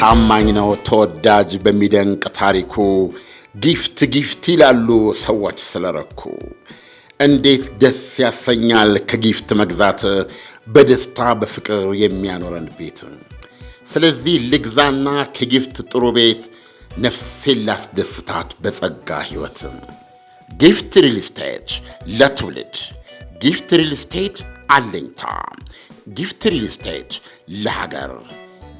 ታማኝ ነው ተወዳጅ በሚደንቅ ታሪኩ ጊፍት ጊፍት ይላሉ ሰዎች ስለረኩ። እንዴት ደስ ያሰኛል ከጊፍት መግዛት በደስታ በፍቅር የሚያኖረን ቤት። ስለዚህ ልግዛና ከጊፍት ጥሩ ቤት ነፍሴን ላስደስታት በጸጋ ሕይወት። ጊፍት ሪል ለትውልድ ጊፍት ሪልስቴት አለኝታ ጊፍት ሪልስቴት ለሀገር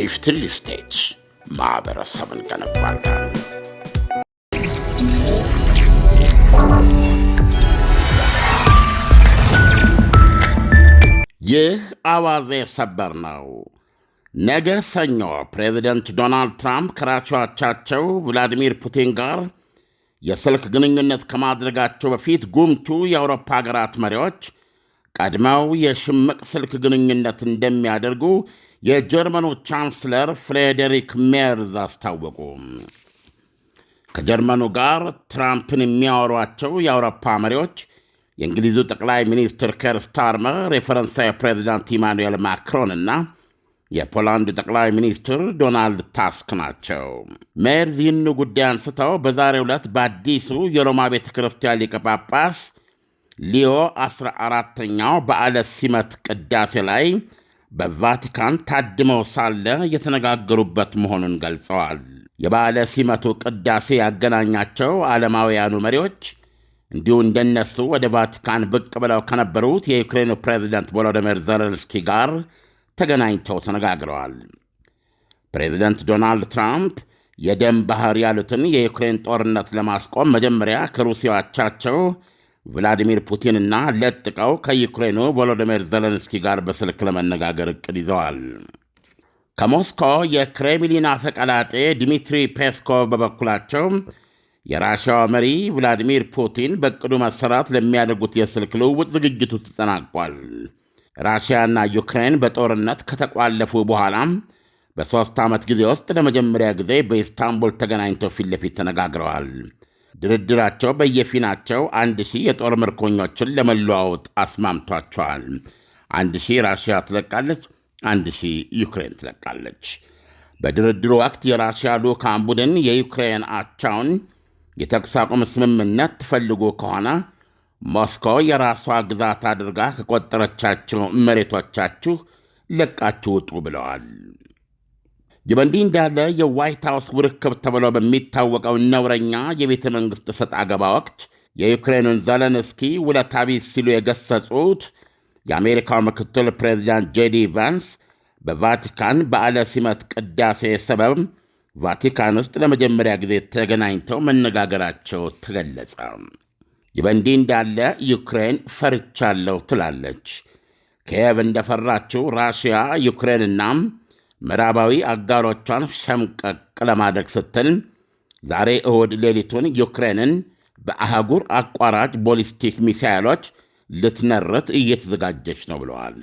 ጊፍትል ስቴት ማህበረሰብን ገነባለን። ይህ አዋዜ ሰበር ነው። ነገ ሰኞ ፕሬዚደንት ዶናልድ ትራምፕ ከራሺያው አቻቸው ቭላዲሚር ፑቲን ጋር የስልክ ግንኙነት ከማድረጋቸው በፊት ጉምቱ የአውሮፓ ሀገራት መሪዎች ቀድመው የሽምቅ ስልክ ግንኙነት እንደሚያደርጉ የጀርመኑ ቻንስለር ፍሬዴሪክ ሜርዝ አስታወቁ። ከጀርመኑ ጋር ትራምፕን የሚያወሯቸው የአውሮፓ መሪዎች የእንግሊዙ ጠቅላይ ሚኒስትር ከር ስታርመር፣ የፈረንሳይ ፕሬዚዳንት ኢማኑኤል ማክሮን እና የፖላንድ ጠቅላይ ሚኒስትር ዶናልድ ታስክ ናቸው። ሜርዝ ይህን ጉዳይ አንስተው በዛሬው ዕለት በአዲሱ የሮማ ቤተ ክርስቲያን ሊቀ ጳጳስ ሊዮ 14ኛው በዓለ ሲመት ቅዳሴ ላይ በቫቲካን ታድመው ሳለ የተነጋገሩበት መሆኑን ገልጸዋል። የባለ ሲመቱ ቅዳሴ ያገናኛቸው ዓለማውያኑ መሪዎች እንዲሁ እንደነሱ ወደ ቫቲካን ብቅ ብለው ከነበሩት የዩክሬኑ ፕሬዚደንት ቮሎዲሚር ዘለንስኪ ጋር ተገናኝተው ተነጋግረዋል። ፕሬዚደንት ዶናልድ ትራምፕ የደም ባህር ያሉትን የዩክሬን ጦርነት ለማስቆም መጀመሪያ ከሩሲያቻቸው ። ቭላዲሚር ፑቲንና ለጥቀው ከዩክሬኑ ቮሎዲሚር ዘለንስኪ ጋር በስልክ ለመነጋገር እቅድ ይዘዋል። ከሞስኮ የክሬምሊን አፈቀላጤ ዲሚትሪ ፔስኮቭ በበኩላቸው የራሽያው መሪ ቭላዲሚር ፑቲን በእቅዱ መሰራት ለሚያደርጉት የስልክ ልውውጥ ዝግጅቱ ተጠናቋል። ራሽያና ዩክሬን በጦርነት ከተቋለፉ በኋላም በሦስት ዓመት ጊዜ ውስጥ ለመጀመሪያ ጊዜ በኢስታንቡል ተገናኝተው ፊት ለፊት ተነጋግረዋል። ድርድራቸው በየፊናቸው አንድ ሺህ የጦር ምርኮኞችን ለመለዋወጥ አስማምቷቸዋል። አንድ ሺህ ራሽያ ትለቃለች፣ አንድ ሺህ ዩክሬን ትለቃለች። በድርድሩ ወቅት የራሽያ ልዑካን ቡድን የዩክሬን አቻውን የተኩስ አቁም ስምምነት ትፈልጉ ከሆነ ሞስኮ የራሷ ግዛት አድርጋ ከቆጠረቻቸው መሬቶቻችሁ ለቃችሁ ውጡ ብለዋል። ይህ በእንዲህ እንዳለ የዋይት ሃውስ ውርክብ ተብሎ በሚታወቀው ነውረኛ የቤተ መንግሥት እሰጥ አገባ ወቅት የዩክሬኑን ዘለንስኪ ውለታ ቢስ ሲሉ የገሰጹት የአሜሪካው ምክትል ፕሬዚዳንት ጄዲ ቫንስ በቫቲካን በዓለ ሲመት ቅዳሴ ሰበብ ቫቲካን ውስጥ ለመጀመሪያ ጊዜ ተገናኝተው መነጋገራቸው ተገለጸ። ይህ በእንዲህ እንዳለ ዩክሬን ፈርቻለሁ ትላለች። ኪየቭ እንደፈራችው ራሽያ ዩክሬንና ምዕራባዊ አጋሮቿን ሸምቀቅ ለማድረግ ስትል ዛሬ እሁድ ሌሊቱን ዩክሬንን በአህጉር አቋራጭ ቦሊስቲክ ሚሳይሎች ልትነርት እየተዘጋጀች ነው ብለዋል።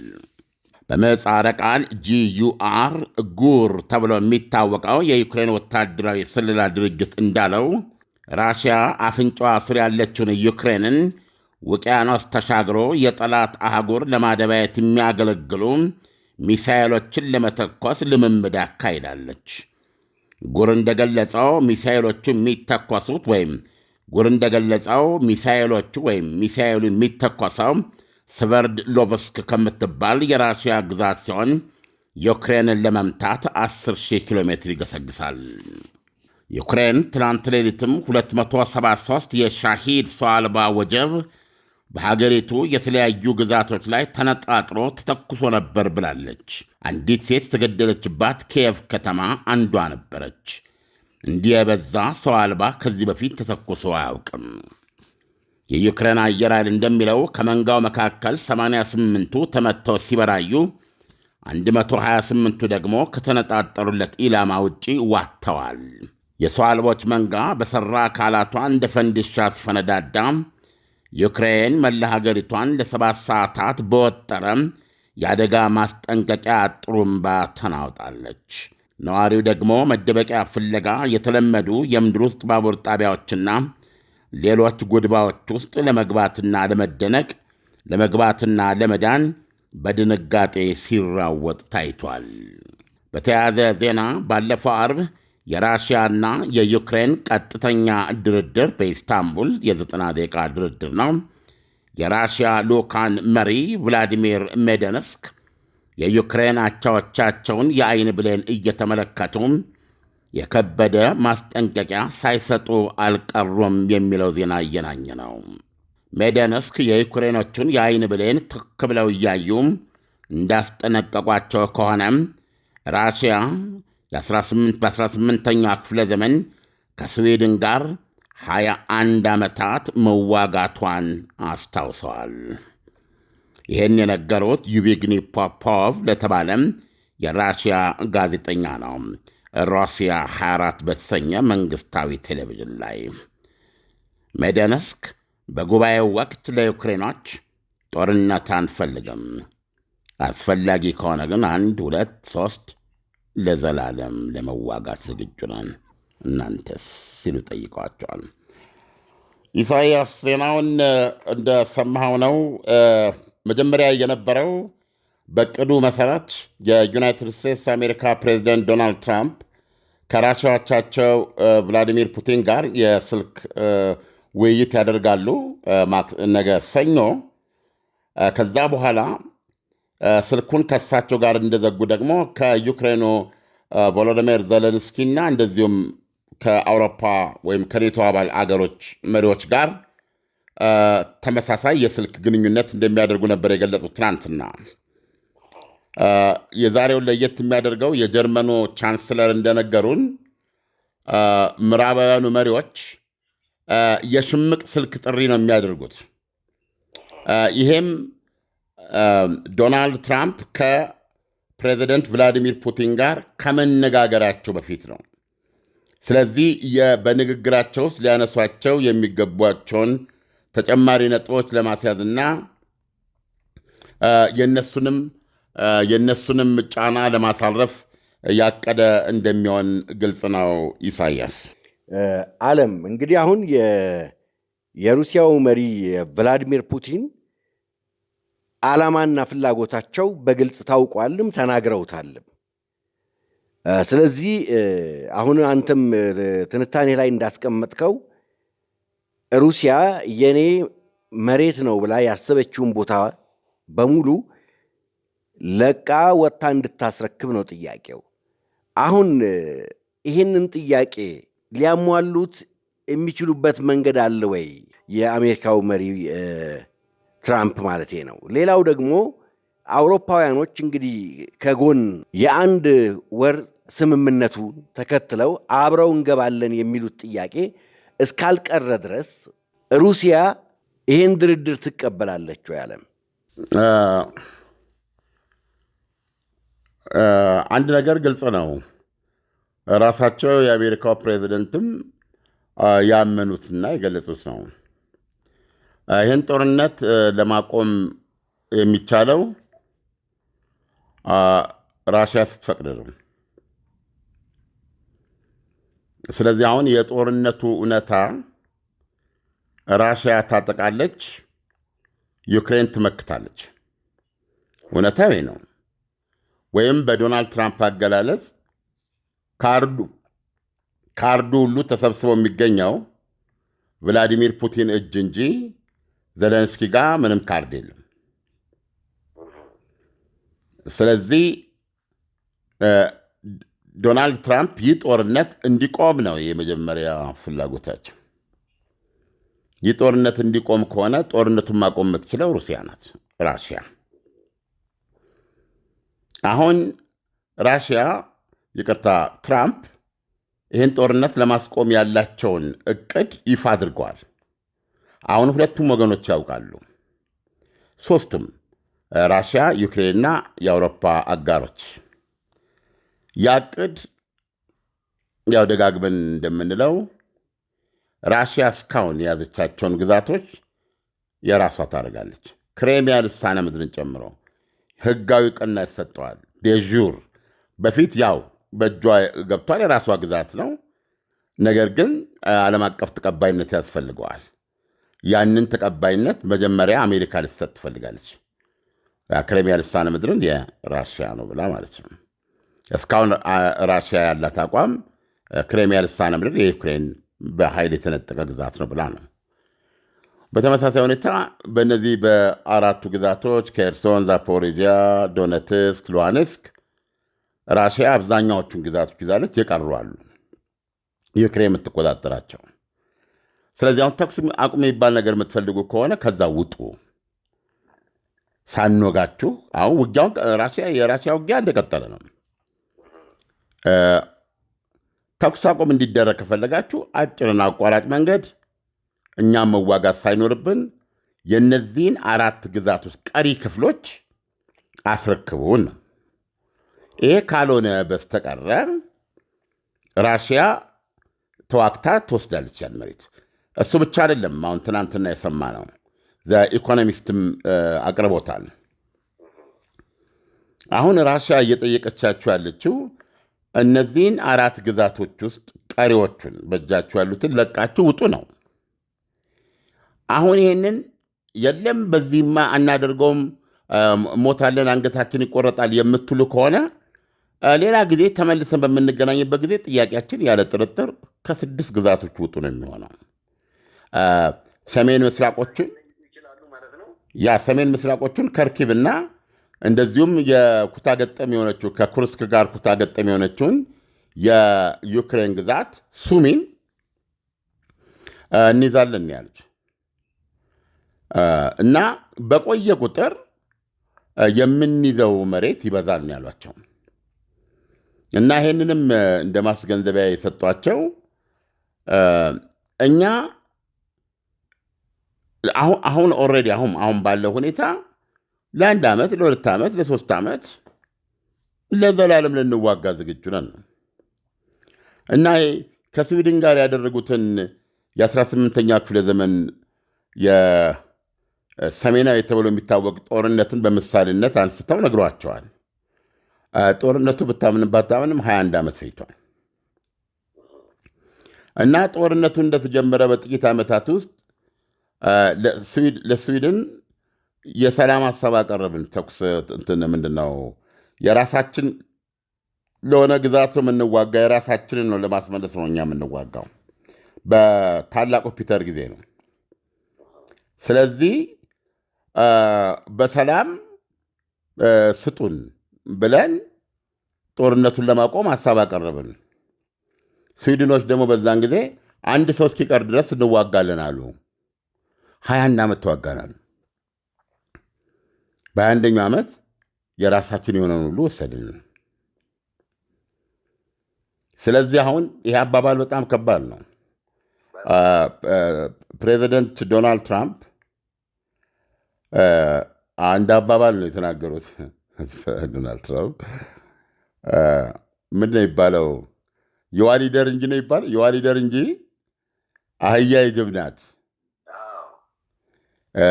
በምህጻረ ቃል ጂዩአር ጉር ተብሎ የሚታወቀው የዩክሬን ወታደራዊ ስለላ ድርጅት እንዳለው ራሽያ አፍንጫዋ ስር ያለችውን ዩክሬንን ውቅያኖስ ተሻግሮ የጠላት አህጉር ለማደባየት የሚያገለግሉ ሚሳኤሎችን ለመተኮስ ልምምድ አካሂዳለች። ጉር እንደገለጸው ሚሳኤሎቹ የሚተኮሱት ወይም ጉር እንደገለጸው ሚሳኤሎቹ ወይም ሚሳኤሉ የሚተኮሰው ስቨርድ ሎብስክ ከምትባል የራሽያ ግዛት ሲሆን ዩክሬንን ለመምታት 10,000 ኪሎ ሜትር ይገሰግሳል። ዩክሬን ትናንት ሌሊትም 273 የሻሂድ ሰው አልባ ወጀብ በሀገሪቱ የተለያዩ ግዛቶች ላይ ተነጣጥሮ ተተኩሶ ነበር ብላለች። አንዲት ሴት የተገደለችባት ኪየቭ ከተማ አንዷ ነበረች። እንዲህ የበዛ ሰው አልባ ከዚህ በፊት ተተኩሶ አያውቅም። የዩክሬን አየር ኃይል እንደሚለው ከመንጋው መካከል 88ቱ ተመተው ሲበራዩ 128ቱ ደግሞ ከተነጣጠሩለት ኢላማ ውጪ ዋጥተዋል። የሰው አልቦች መንጋ በሠራ አካላቷ እንደ ፈንዲሻ ሲፈነዳዳም። ዩክሬን መላ ሀገሪቷን ለሰባት ሰዓታት በወጠረ የአደጋ ማስጠንቀቂያ ጥሩምባ ተናውጣለች። ነዋሪው ደግሞ መደበቂያ ፍለጋ የተለመዱ የምድር ውስጥ ባቡር ጣቢያዎችና ሌሎች ጉድባዎች ውስጥ ለመግባትና ለመደነቅ ለመግባትና ለመዳን በድንጋጤ ሲራወጥ ታይቷል። በተያያዘ ዜና ባለፈው አርብ የራሽያና የዩክሬን ቀጥተኛ ድርድር በኢስታንቡል የ90 ደቂቃ ድርድር ነው። የራሽያ ሎካን መሪ ቭላዲሚር ሜደንስክ የዩክሬን አቻዎቻቸውን የአይን ብሌን እየተመለከቱ የከበደ ማስጠንቀቂያ ሳይሰጡ አልቀሩም የሚለው ዜና እየናኝ ነው። ሜደንስክ የዩክሬኖቹን የአይን ብሌን ትክ ብለው እያዩ እንዳስጠነቀቋቸው ከሆነ። ራሽያ በ 18 ኛ ክፍለ ዘመን ከስዊድን ጋር 21 ዓመታት መዋጋቷን አስታውሰዋል። ይህን የነገሩት ዩቢግኒ ፖፖቭ ለተባለም የራሽያ ጋዜጠኛ ነው። ሮሲያ 24 በተሰኘ መንግሥታዊ ቴሌቪዥን ላይ ሜደነስክ በጉባኤው ወቅት ለዩክሬኖች ጦርነት አንፈልግም፣ አስፈላጊ ከሆነ ግን አንድ ሁለት ሦስት ለዘላለም ለመዋጋት ዝግጁ ነን፣ እናንተስ ሲሉ ጠይቀዋቸዋል። ኢሳይያስ ዜናውን እንደሰማኸው ነው። መጀመሪያ የነበረው በቅዱ መሰረት የዩናይትድ ስቴትስ አሜሪካ ፕሬዚደንት ዶናልድ ትራምፕ ከራሻዎቻቸው ቭላዲሚር ፑቲን ጋር የስልክ ውይይት ያደርጋሉ ነገ ሰኞ። ከዛ በኋላ ስልኩን ከሳቸው ጋር እንደዘጉ ደግሞ ከዩክሬኑ ቮሎዲሚር ዘለንስኪ እና እንደዚሁም ከአውሮፓ ወይም ከኔቶ አባል አገሮች መሪዎች ጋር ተመሳሳይ የስልክ ግንኙነት እንደሚያደርጉ ነበር የገለጹት ትናንትና። የዛሬውን ለየት የሚያደርገው የጀርመኑ ቻንስለር እንደነገሩን ምዕራባውያኑ መሪዎች የሽምቅ ስልክ ጥሪ ነው የሚያደርጉት። ይሄም ዶናልድ ትራምፕ ከፕሬዚደንት ቭላዲሚር ፑቲን ጋር ከመነጋገራቸው በፊት ነው። ስለዚህ በንግግራቸው ውስጥ ሊያነሷቸው የሚገቧቸውን ተጨማሪ ነጥቦች ለማስያዝና uh, የነሱንም uh, የእነሱንም ጫና ለማሳረፍ ያቀደ እንደሚሆን ግልጽ ነው። ኢሳያስ uh, አለም እንግዲህ አሁን የሩሲያው መሪ ቭላዲሚር ፑቲን ዓላማና ፍላጎታቸው በግልጽ ታውቋልም ተናግረውታልም። ስለዚህ አሁን አንተም ትንታኔ ላይ እንዳስቀመጥከው ሩሲያ የኔ መሬት ነው ብላ ያሰበችውን ቦታ በሙሉ ለቃ ወጥታ እንድታስረክብ ነው ጥያቄው። አሁን ይህንን ጥያቄ ሊያሟሉት የሚችሉበት መንገድ አለ ወይ? የአሜሪካው መሪ ትራምፕ ማለት ነው። ሌላው ደግሞ አውሮፓውያኖች እንግዲህ ከጎን የአንድ ወር ስምምነቱ ተከትለው አብረው እንገባለን የሚሉት ጥያቄ እስካልቀረ ድረስ ሩሲያ ይሄን ድርድር ትቀበላለች ወይ? አንድ ነገር ግልጽ ነው። ራሳቸው የአሜሪካው ፕሬዚደንትም ያመኑትና የገለጹት ነው። ይህን ጦርነት ለማቆም የሚቻለው ራሽያ ስትፈቅድ ነው። ስለዚህ አሁን የጦርነቱ እውነታ ራሽያ ታጠቃለች፣ ዩክሬን ትመክታለች። እውነታ ይሄ ነው። ወይም በዶናልድ ትራምፕ አገላለጽ ካርዱ ካርዱ ሁሉ ተሰብስበው የሚገኘው ቭላዲሚር ፑቲን እጅ እንጂ ዘለንስኪ ጋር ምንም ካርድ የለም። ስለዚህ ዶናልድ ትራምፕ ይህ ጦርነት እንዲቆም ነው የመጀመሪያ ፍላጎታቸው። ይህ ጦርነት እንዲቆም ከሆነ ጦርነቱን ማቆም የምትችለው ሩሲያ ናት። ራሽያ አሁን ራሽያ ይቅርታ፣ ትራምፕ ይህን ጦርነት ለማስቆም ያላቸውን እቅድ ይፋ አድርገዋል። አሁን ሁለቱም ወገኖች ያውቃሉ። ሶስቱም ራሽያ፣ ዩክሬንና የአውሮፓ አጋሮች ያቅድ ያው ደጋግመን እንደምንለው ራሽያ እስካሁን የያዘቻቸውን ግዛቶች የራሷ ታደርጋለች። ክሬሚያ ልሳነ ምድርን ጨምሮ ህጋዊ ቅና ይሰጠዋል። ዴዥር በፊት ያው በእጇ ገብቷል፣ የራሷ ግዛት ነው። ነገር ግን ዓለም አቀፍ ተቀባይነት ያስፈልገዋል። ያንን ተቀባይነት መጀመሪያ አሜሪካ ልትሰጥ ትፈልጋለች። ክሬሚያ ልሳነ ምድርን የራሽያ ነው ብላ ማለት ነው። እስካሁን ራሽያ ያላት አቋም ክሬሚያ ልሳነ ምድር የዩክሬን በኃይል የተነጠቀ ግዛት ነው ብላ ነው። በተመሳሳይ ሁኔታ በእነዚህ በአራቱ ግዛቶች ከኤርሶን፣ ዛፖሪጂያ፣ ዶነትስክ፣ ሉሃንስክ ራሽያ አብዛኛዎቹን ግዛቶች ይዛለች። የቀሩ አሉ ዩክሬን የምትቆጣጠራቸው ስለዚህ አሁን ተኩስ አቁም የሚባል ነገር የምትፈልጉ ከሆነ ከዛ ውጡ፣ ሳንወጋችሁ። አሁን ውጊያውን የራሽያ ውጊያ እንደቀጠለ ነው። ተኩስ አቁም እንዲደረግ ከፈለጋችሁ አጭርና አቋራጭ መንገድ እኛም መዋጋት ሳይኖርብን የእነዚህን አራት ግዛቶች ቀሪ ክፍሎች አስረክቡን ይሄ ካልሆነ በስተቀረ ራሽያ ተዋግታ ትወስዳለች ያን መሬት። እሱ ብቻ አይደለም። አሁን ትናንትና የሰማ ነው። ኢኮኖሚስትም አቅርቦታል። አሁን ራሽያ እየጠየቀቻችሁ ያለችው እነዚህን አራት ግዛቶች ውስጥ ቀሪዎቹን በእጃችሁ ያሉትን ለቃችሁ ውጡ ነው። አሁን ይህንን የለም በዚህማ አናደርገውም፣ ሞታለን፣ አንገታችን ይቆረጣል የምትሉ ከሆነ ሌላ ጊዜ ተመልሰን በምንገናኝበት ጊዜ ጥያቄያችን ያለ ጥርጥር ከስድስት ግዛቶች ውጡ ነው የሚሆነው። ሰሜን ምስራቆቹን ያ ሰሜን ምስራቆቹን ከርኪብና እንደዚሁም የኩታ ገጠም የሆነችው ከኩርስክ ጋር ኩታ ገጠም የሆነችውን የዩክሬን ግዛት ሱሚን እንይዛለን ያለች እና በቆየ ቁጥር የምንይዘው መሬት ይበዛል ነው ያሏቸው። እና ይህንንም እንደ ማስገንዘቢያ የሰጧቸው እኛ አሁን ኦልሬዲ አሁን አሁን ባለው ሁኔታ ለአንድ ዓመት ለሁለት ዓመት ለሶስት ዓመት ለዘላለም ልንዋጋ ዝግጁ ነን እና ከስዊድን ጋር ያደረጉትን የ18ኛ ክፍለ ዘመን የሰሜናዊ ተብሎ የሚታወቅ ጦርነትን በምሳሌነት አንስተው ነግሯቸዋል። ጦርነቱ ብታምንም ባታምንም 21 ዓመት ፈጅቷል እና ጦርነቱ እንደተጀመረ በጥቂት ዓመታት ውስጥ ለስዊድን የሰላም ሀሳብ አቀረብን። ተኩስ እንትን ምንድን ነው የራሳችን ለሆነ ግዛት የምንዋጋ የራሳችንን ነው ለማስመለስ ነው እኛ የምንዋጋው። በታላቁ ፒተር ጊዜ ነው። ስለዚህ በሰላም ስጡን ብለን ጦርነቱን ለማቆም ሀሳብ አቀረብን። ስዊድኖች ደግሞ በዛን ጊዜ አንድ ሰው እስኪቀር ድረስ እንዋጋለን አሉ። ሀያና ዓመት ተዋጋናል። በአንደኛው ዓመት የራሳችን የሆነውን ሁሉ ወሰድን። ስለዚህ አሁን ይህ አባባል በጣም ከባድ ነው። ፕሬዚደንት ዶናልድ ትራምፕ አንድ አባባል ነው የተናገሩት። ዶናልድ ትራምፕ ምንድን ነው የሚባለው? የዋሊደር እንጂ ነው ይባል የዋሊደር እንጂ አህያ የጅብ ናት።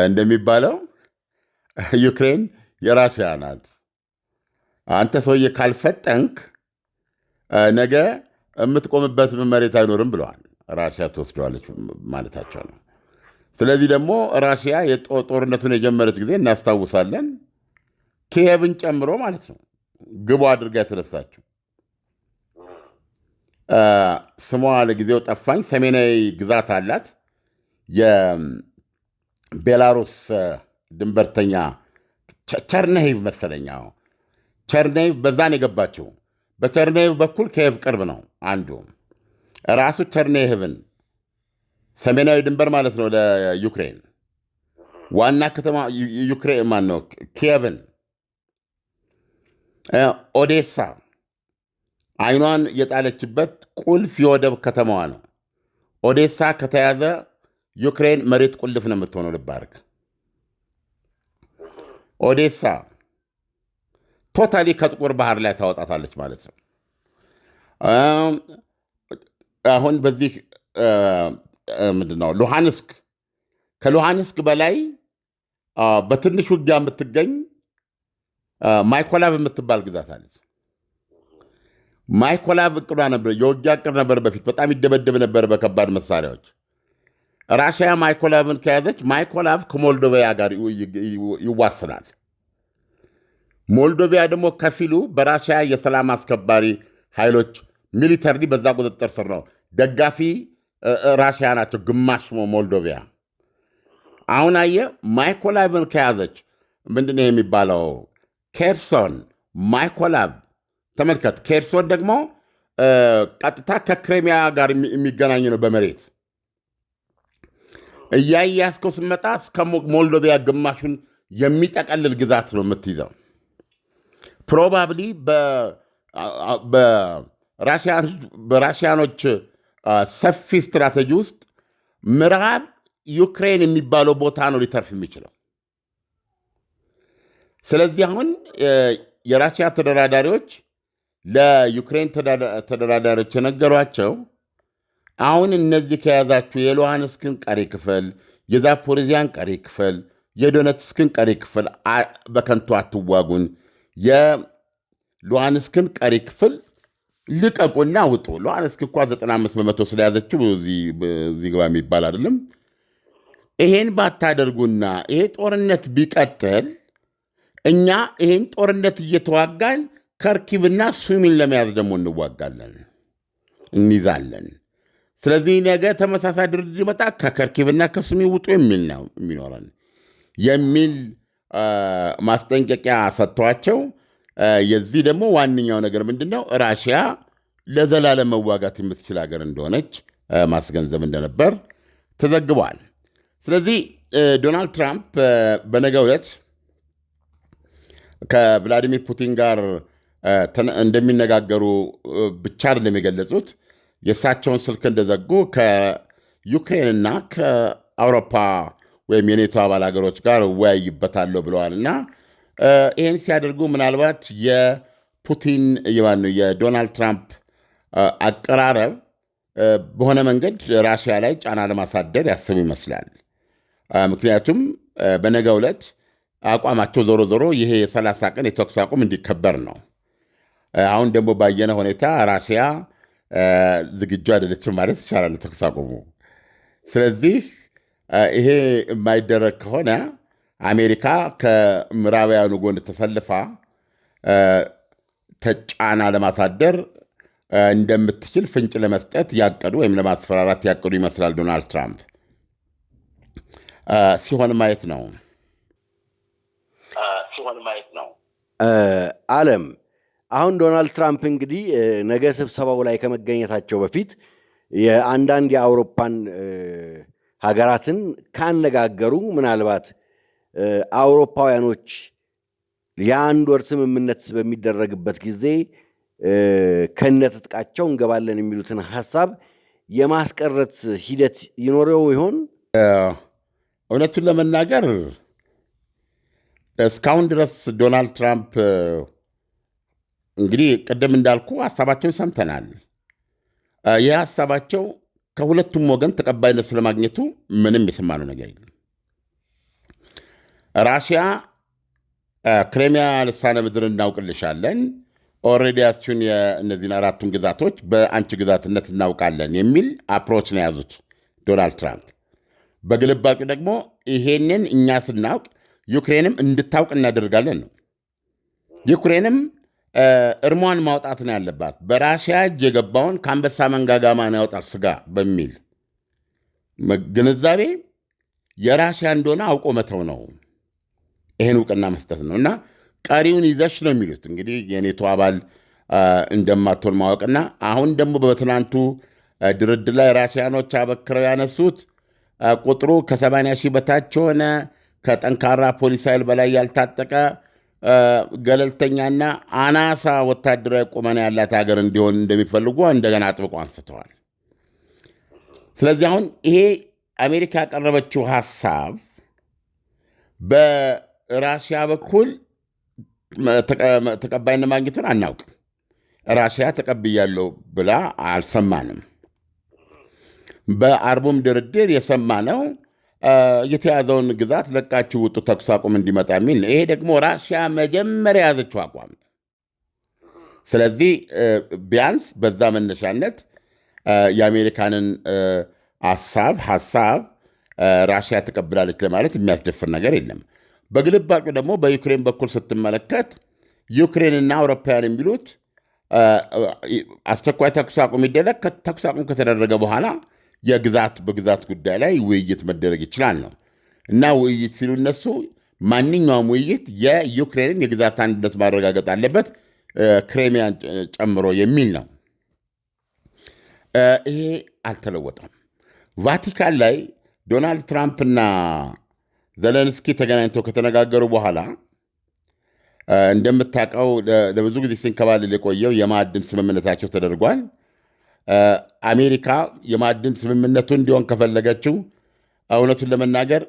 እንደሚባለው ዩክሬን የራሽያ ናት። አንተ ሰውዬ ካልፈጠንክ ነገ የምትቆምበት መሬት አይኖርም ብለዋል። ራሽያ ትወስደዋለች ማለታቸው ነው። ስለዚህ ደግሞ ራሽያ ጦርነቱን የጀመረች ጊዜ እናስታውሳለን፣ ኪየቭን ጨምሮ ማለት ነው ግቧ አድርጋ የተነሳችው ስሟ ለጊዜው ጠፋኝ። ሰሜናዊ ግዛት አላት ቤላሩስ ድንበርተኛ ቸርኔሄቭ መሰለኛ ቸርኔቭ በዛን የገባችው በቸርኔቭ በኩል ከየብ ቅርብ ነው። አንዱ ራሱ ቸርኔሄቭን ሰሜናዊ ድንበር ማለት ነው ለዩክሬን ዋና ከተማ ዩክሬን ማን ነው ኪየቭን፣ ኦዴሳ አይኗን የጣለችበት ቁልፍ የወደብ ከተማዋ ነው። ኦዴሳ ከተያዘ ዩክሬን መሬት ቁልፍ ነው የምትሆነው። ልባርግ ኦዴሳ ቶታሊ ከጥቁር ባህር ላይ ታወጣታለች ማለት ነው። አሁን በዚህ ምንድነው ሉሃንስክ ከሉሃንስክ በላይ በትንሽ ውጊያ የምትገኝ ማይኮላብ የምትባል ግዛት አለች። ማይኮላብ እቅዷ ነበር፣ የውጊያ እቅድ ነበር። በፊት በጣም ይደበደብ ነበር በከባድ መሳሪያዎች። ራሽያ ማይኮላቭን ከያዘች ማይኮላቭ ከሞልዶቪያ ጋር ይዋስናል። ሞልዶቪያ ደግሞ ከፊሉ በራሽያ የሰላም አስከባሪ ኃይሎች ሚሊተሪ በዛ ቁጥጥር ስር ነው። ደጋፊ ራሽያ ናቸው፣ ግማሽ ሞልዶቪያ። አሁን አየ ማይኮላቭን ከያዘች ምንድን ነው የሚባለው? ኬርሶን ማይኮላቭ ተመልከት። ኬርሶን ደግሞ ቀጥታ ከክሬሚያ ጋር የሚገናኝ ነው በመሬት እያያዝከው ስመጣ እስከ ሞልዶቪያ ግማሹን የሚጠቀልል ግዛት ነው የምትይዘው። ፕሮባብሊ በራሽያኖች ሰፊ ስትራቴጂ ውስጥ ምዕራብ ዩክሬን የሚባለው ቦታ ነው ሊተርፍ የሚችለው። ስለዚህ አሁን የራሽያ ተደራዳሪዎች ለዩክሬን ተደራዳሪዎች የነገሯቸው አሁን እነዚህ ከያዛችሁ የሉሃንስክን ቀሪ ክፍል፣ የዛፖሪዚያን ቀሪ ክፍል፣ የዶነትስክን ቀሪ ክፍል በከንቱ አትዋጉን። የሉሃንስክን ቀሪ ክፍል ልቀቁና ውጡ። ሉሃንስክ እኳ 95 በመቶ ስለያዘችው እዚህ ግባ የሚባል አይደለም። ይሄን ባታደርጉና ይሄ ጦርነት ቢቀጥል እኛ ይሄን ጦርነት እየተዋጋን ከርኪብና ሱሚን ለመያዝ ደግሞ እንዋጋለን፣ እንይዛለን። ስለዚህ ነገ ተመሳሳይ ድርድር ይመጣ ከከርኪብና ከሱም ይውጡ የሚል ነው የሚኖረን የሚል ማስጠንቀቂያ ሰጥቷቸው፣ የዚህ ደግሞ ዋነኛው ነገር ምንድን ነው? ራሽያ ለዘላለም መዋጋት የምትችል ሀገር እንደሆነች ማስገንዘብ እንደነበር ተዘግቧል። ስለዚህ ዶናልድ ትራምፕ በነገ ዕለት ከቭላዲሚር ፑቲን ጋር እንደሚነጋገሩ ብቻ አይደለም የገለጹት የእሳቸውን ስልክ እንደዘጉ ከዩክሬንና ከአውሮፓ ወይም የኔቶ አባል ሀገሮች ጋር እወያይበታለሁ ብለዋል እና ይህን ሲያደርጉ ምናልባት የፑቲን የዶናልድ ትራምፕ አቀራረብ በሆነ መንገድ ራሽያ ላይ ጫና ለማሳደር ያስቡ ይመስላል። ምክንያቱም በነገ ዕለት አቋማቸው ዞሮ ዞሮ ይሄ የ30 ቀን የተኩስ አቁም እንዲከበር ነው። አሁን ደግሞ ባየነ ሁኔታ ራሽያ ዝግጁ አይደለችም ማለት ይቻላል ተኩስ አቁሙ። ስለዚህ ይሄ የማይደረግ ከሆነ አሜሪካ ከምዕራባውያኑ ጎን ተሰልፋ ተጫና ለማሳደር እንደምትችል ፍንጭ ለመስጠት ያቀዱ ወይም ለማስፈራራት ያቀዱ ይመስላል ዶናልድ ትራምፕ። ሲሆን ማየት ነው ሲሆን ማየት ነው አለም አሁን ዶናልድ ትራምፕ እንግዲህ ነገ ስብሰባው ላይ ከመገኘታቸው በፊት የአንዳንድ የአውሮፓን ሀገራትን ካነጋገሩ ምናልባት አውሮፓውያኖች የአንድ ወር ስምምነት በሚደረግበት ጊዜ ከነትጥቃቸው እንገባለን የሚሉትን ሀሳብ የማስቀረት ሂደት ይኖረው ይሆን? እውነቱን ለመናገር እስካሁን ድረስ ዶናልድ ትራምፕ እንግዲህ ቅድም እንዳልኩ ሀሳባቸውን ሰምተናል። ይህ ሀሳባቸው ከሁለቱም ወገን ተቀባይነት ስለማግኘቱ ምንም የሰማነው ነገር የለም። ራሽያ ክሬሚያ ልሳነ ምድር እናውቅልሻለን፣ ኦልሬዲ ያችን የእነዚህን አራቱን ግዛቶች በአንቺ ግዛትነት እናውቃለን የሚል አፕሮች ነው የያዙት ዶናልድ ትራምፕ። በግልባጩ ደግሞ ይሄንን እኛ ስናውቅ ዩክሬንም እንድታውቅ እናደርጋለን ነው ዩክሬንም እርሟን ማውጣት ነው ያለባት። በራሽያ እጅ የገባውን ከአንበሳ መንጋጋ ማን ያወጣል ስጋ በሚል ግንዛቤ የራሽያ እንደሆነ አውቆ መተው ነው። ይህን እውቅና መስጠት ነው እና ቀሪውን ይዘሽ ነው የሚሉት እንግዲህ የኔቶ አባል እንደማትሆን ማወቅና አሁን ደግሞ በትናንቱ ድርድር ላይ ራሽያኖች አበክረው ያነሱት ቁጥሩ ከ80 ሺህ በታች የሆነ ከጠንካራ ፖሊስ ኃይል በላይ ያልታጠቀ ገለልተኛና አናሳ ወታደራዊ ቁመና ያላት ሀገር እንዲሆን እንደሚፈልጉ እንደገና አጥብቆ አንስተዋል። ስለዚህ አሁን ይሄ አሜሪካ ያቀረበችው ሀሳብ በራሽያ በኩል ተቀባይነት ማግኘቱን አናውቅም። ራሽያ ተቀብያለሁ ብላ አልሰማንም። በአርቡም ድርድር የሰማነው የተያዘውን ግዛት ለቃችሁ ውጡ፣ ተኩስ አቁም እንዲመጣ የሚል ነው። ይሄ ደግሞ ራሽያ መጀመሪያ የያዘችው አቋም ነው። ስለዚህ ቢያንስ በዛ መነሻነት የአሜሪካንን ሀሳብ ሀሳብ ራሽያ ተቀብላለች ለማለት የሚያስደፍር ነገር የለም። በግልባጩ ደግሞ በዩክሬን በኩል ስትመለከት ዩክሬንና አውሮፓውያን የሚሉት አስቸኳይ ተኩስ አቁም ይደረግ። ተኩስ አቁም ከተደረገ በኋላ የግዛት በግዛት ጉዳይ ላይ ውይይት መደረግ ይችላል ነው እና ውይይት ሲሉ እነሱ ማንኛውም ውይይት የዩክሬንን የግዛት አንድነት ማረጋገጥ አለበት ክሬሚያን ጨምሮ የሚል ነው። ይሄ አልተለወጠም። ቫቲካን ላይ ዶናልድ ትራምፕና ዘለንስኪ ተገናኝተው ከተነጋገሩ በኋላ እንደምታውቀው ለብዙ ጊዜ ሲንከባልል የቆየው የማዕድን ስምምነታቸው ተደርጓል። አሜሪካ የማዕድን ስምምነቱ እንዲሆን ከፈለገችው እውነቱን ለመናገር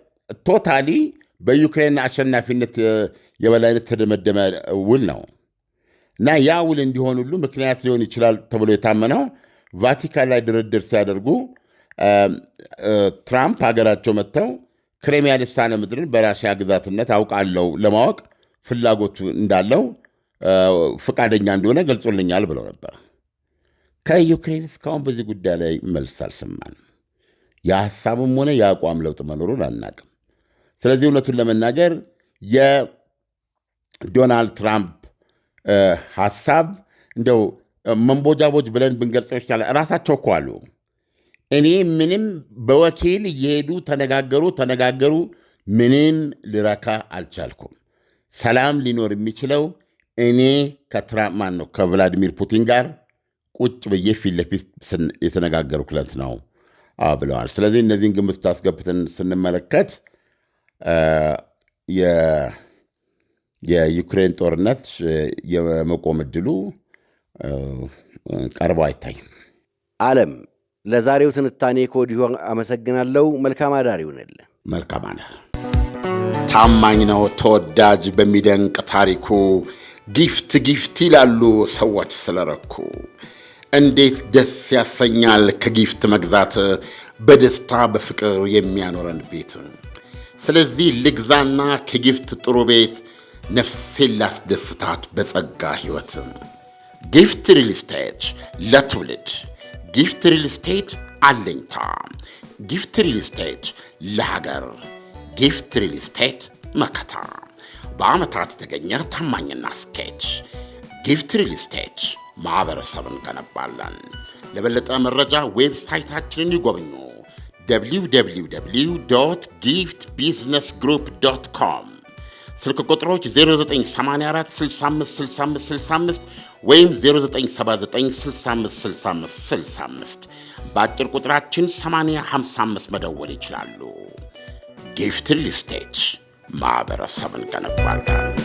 ቶታሊ በዩክሬን አሸናፊነት የበላይነት ተደመደመ ውል ነው እና ያ ውል እንዲሆን ሁሉ ምክንያት ሊሆን ይችላል ተብሎ የታመነው ቫቲካን ላይ ድርድር ሲያደርጉ ትራምፕ ሀገራቸው መጥተው ክሬሚያ ልሳነ ምድርን በራሽያ ግዛትነት አውቃለሁ ለማወቅ ፍላጎቱ እንዳለው ፈቃደኛ እንደሆነ ገልጾልኛል ብለው ነበር። ከዩክሬን እስካሁን በዚህ ጉዳይ ላይ መልስ አልሰማንም። የሀሳብም ሆነ የአቋም ለውጥ መኖሩን አናቅም። ስለዚህ እውነቱን ለመናገር የዶናልድ ትራምፕ ሀሳብ እንደው መንቦጃቦጅ ብለን ብንገልጸው ይቻላል። ራሳቸው እኮ አሉ እኔ ምንም በወኪል እየሄዱ ተነጋገሩ ተነጋገሩ፣ ምንም ልረካ አልቻልኩም። ሰላም ሊኖር የሚችለው እኔ ከትራምፕ ማን ነው ከቭላዲሚር ፑቲን ጋር ቁጭ ብዬ ፊት ለፊት የተነጋገርኩለት ነው ብለዋል። ስለዚህ እነዚህን ግምት ታስገብትን ስንመለከት የዩክሬን ጦርነት የመቆም እድሉ ቀርቦ አይታይም። አለም ለዛሬው ትንታኔ ከወዲሁ አመሰግናለሁ። መልካም አዳር ይሆንል። መልካም አዳር። ታማኝ ነው ተወዳጅ በሚደንቅ ታሪኩ ጊፍት ጊፍት ይላሉ ሰዎች ስለረኩ እንዴት ደስ ያሰኛል ከጊፍት መግዛት በደስታ በፍቅር የሚያኖረን ቤት። ስለዚህ ልግዛና ከጊፍት ጥሩ ቤት ነፍሴን ላስደስታት በጸጋ ሕይወት። ጊፍት ሪልስቴት ለትውልድ ጊፍት ሪልስቴት አለኝታ፣ ጊፍት ሪልስቴት ለሀገር፣ ጊፍት ሪልስቴት መከታ በዓመታት የተገኘ ታማኝና ስኬች ጊፍት ሪል ስቴት ማህበረሰብን ገነባለን። ለበለጠ መረጃ ዌብሳይታችንን ይጎብኙ፣ www ጊፍት ቢዝነስ ግሩፕ ዶት ኮም። ስልክ ቁጥሮች 0984656565 ወይም 0979656565 በአጭር ቁጥራችን 855 መደወል ይችላሉ። ጊፍት ሪል ስቴት ማኅበረሰብን ገነባለን።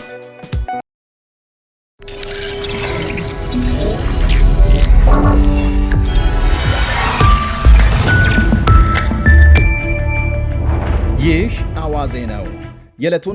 ይህ አዋዜ ነው። የዕለቱን